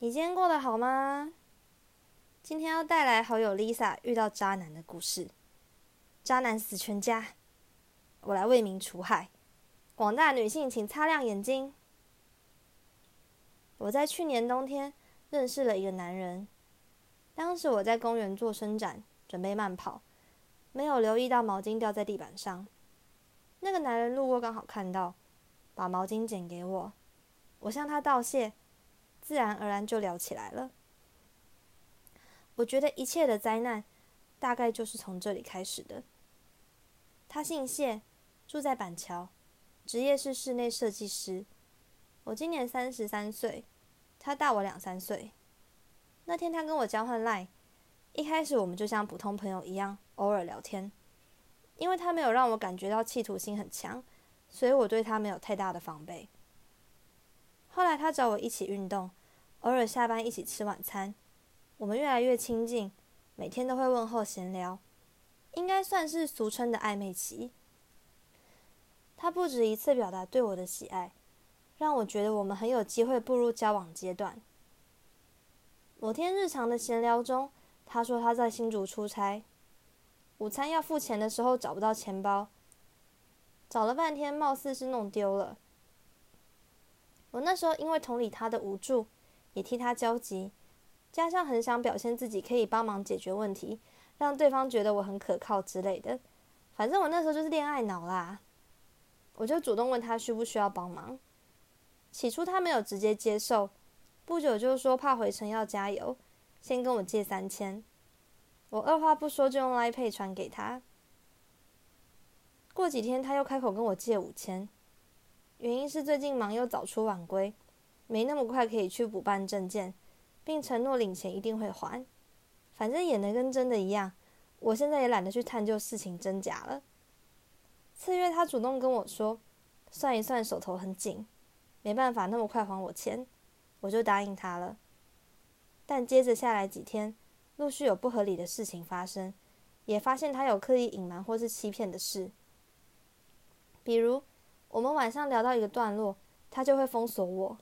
你今天過得好嗎？今天要帶來好友 Lisa 遇到渣男的故事，渣男死全家，我來為民除害。廣大女性請擦亮眼睛。我在去年冬天認識了一個男人，當時我在公園做伸展，準備慢跑，沒有留意到毛巾掉在地板上。那個男人路過剛好看到，把毛巾撿給我，我向他道謝。自然而然就聊起來了。我覺得一切的災難大概就是從這裡開始的。他姓謝，住在板橋，職業是室內設計師。我今年三十三歲，他大我兩三歲。那天他跟我交換 LINE，一開始我們就像普通朋友一樣，偶爾聊天。因為他沒有讓我感覺到企圖心很強，所以我對他沒有太大的防備。後來他找我一起運動。偶爾下班一起吃晚餐，我們越來越親近，每天都會問候閒聊，應該算是俗稱的曖昧期。他不止一次表達對我的喜愛，讓我覺得我們很有機會步入交往階段。某天日常的閒聊中，他說他在新竹出差，午餐要付錢的時候找不到錢包，找了半天，貌似是弄丟了。我那時候因為同理他的無助。也替他焦急，加上很想表現自己可以幫忙解決問題，讓對方覺得我很可靠之類的。反正我那時候就是戀愛腦啦，我就主動問他需不需要幫忙。起初他沒有直接接受，不久就說怕回程要加油，先跟我借三千。我二話不說就用 Line Pay 傳給他。過幾天他又開口跟我借五千，原因是最近忙又早出晚歸。沒那麼快可以去補辦證件，並承諾領錢一定會還，反正演的跟真的一樣。我現在也懶得去探究事情真假了。次月，他主動跟我說，算一算手頭很緊，沒辦法那麼快還我錢，我就答應他了。但接着下來幾天，陸續有不合理的事情發生，也發現他有刻意隱瞞或是欺騙的事，比如我們晚上聊到一個段落，他就會封鎖我。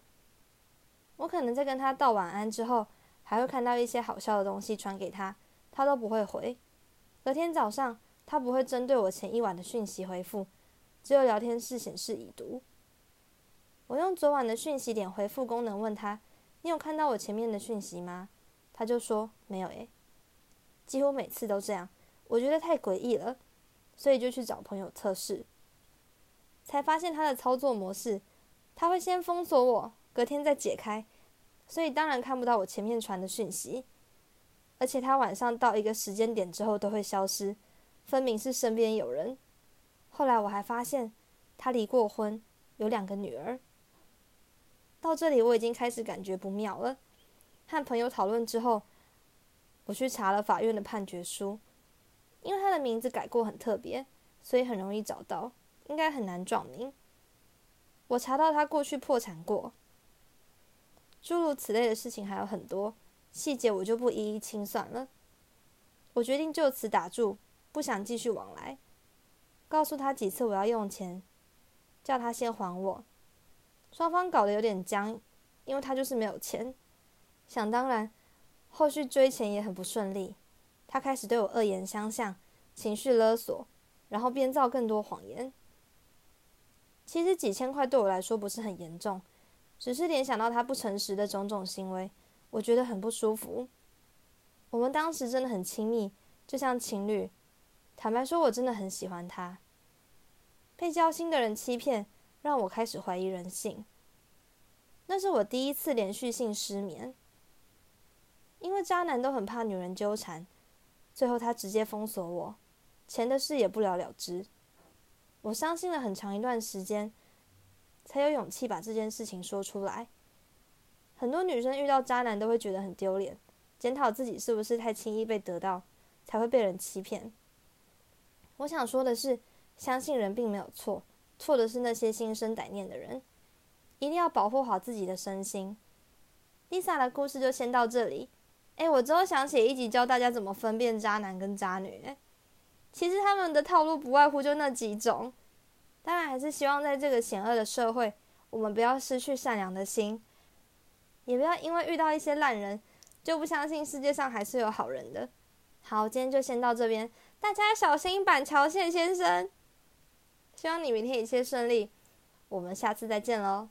我可能在跟他道晚安之後，還會看到一些好笑的東西傳給他，他都不會回。隔天早上，他不會針對我前一晚的訊息回覆，只有聊天室顯示已讀。我用昨晚的訊息點回覆功能問他：“你有看到我前面的訊息嗎？”他就說：“沒有誒。”幾乎每次都這樣，我覺得太詭異了，所以就去找朋友測試，才發現他的操作模式：他會先封鎖我。隔天再解開，所以當然看不到我前面傳的訊息。而且他晚上到一個時間點之後都會消失，分明是身邊有人。後來我還發現他離過婚，有兩個女兒。到這裡我已經開始感覺不妙了。和朋友討論之後，我去查了法院的判決書，因為他的名字改過很特別，所以很容易找到，應該很難撞名。我查到他過去破產過。諸如此類的事情還有很多，細節我就不一一清算了。我決定就此打住，不想繼續往來。告訴他幾次我要用錢，叫他先還我。雙方搞得有點僵，因為他就是沒有錢。想當然，後續追錢也很不順利。他開始對我惡言相向，情緒勒索，然後編造更多謊言。其實幾千塊對我來說不是很嚴重。只是聯想到他不誠實的種種行為，我覺得很不舒服。我們當時真的很親密，就像情侶。坦白說，我真的很喜歡他。被交心的人欺騙，讓我開始懷疑人性。那是我第一次連續性失眠，因為渣男都很怕女人糾纏，最後他直接封鎖我，錢的事也不了了之。我傷心了很長一段時間。才有勇氣把這件事情說出來。很多女生遇到渣男都會覺得很丟臉，檢討自己是不是太輕易被得到，才會被人欺騙。我想說的是，相信人並沒有錯，錯的是那些心生歹念的人。一定要保護好自己的身心。麗莎的故事就先到這裡。哎、欸，我之後想寫一集教大家怎麼分辨渣男跟渣女、欸。哎，其實他們的套路不外乎就那幾種。當然，還是希望在這個險惡的社會，我們不要失去善良的心，也不要因為遇到一些爛人，就不相信世界上還是有好人的。好，今天就先到這邊，大家小心板橋縣先生。希望你明天一切順利，我們下次再見嘍。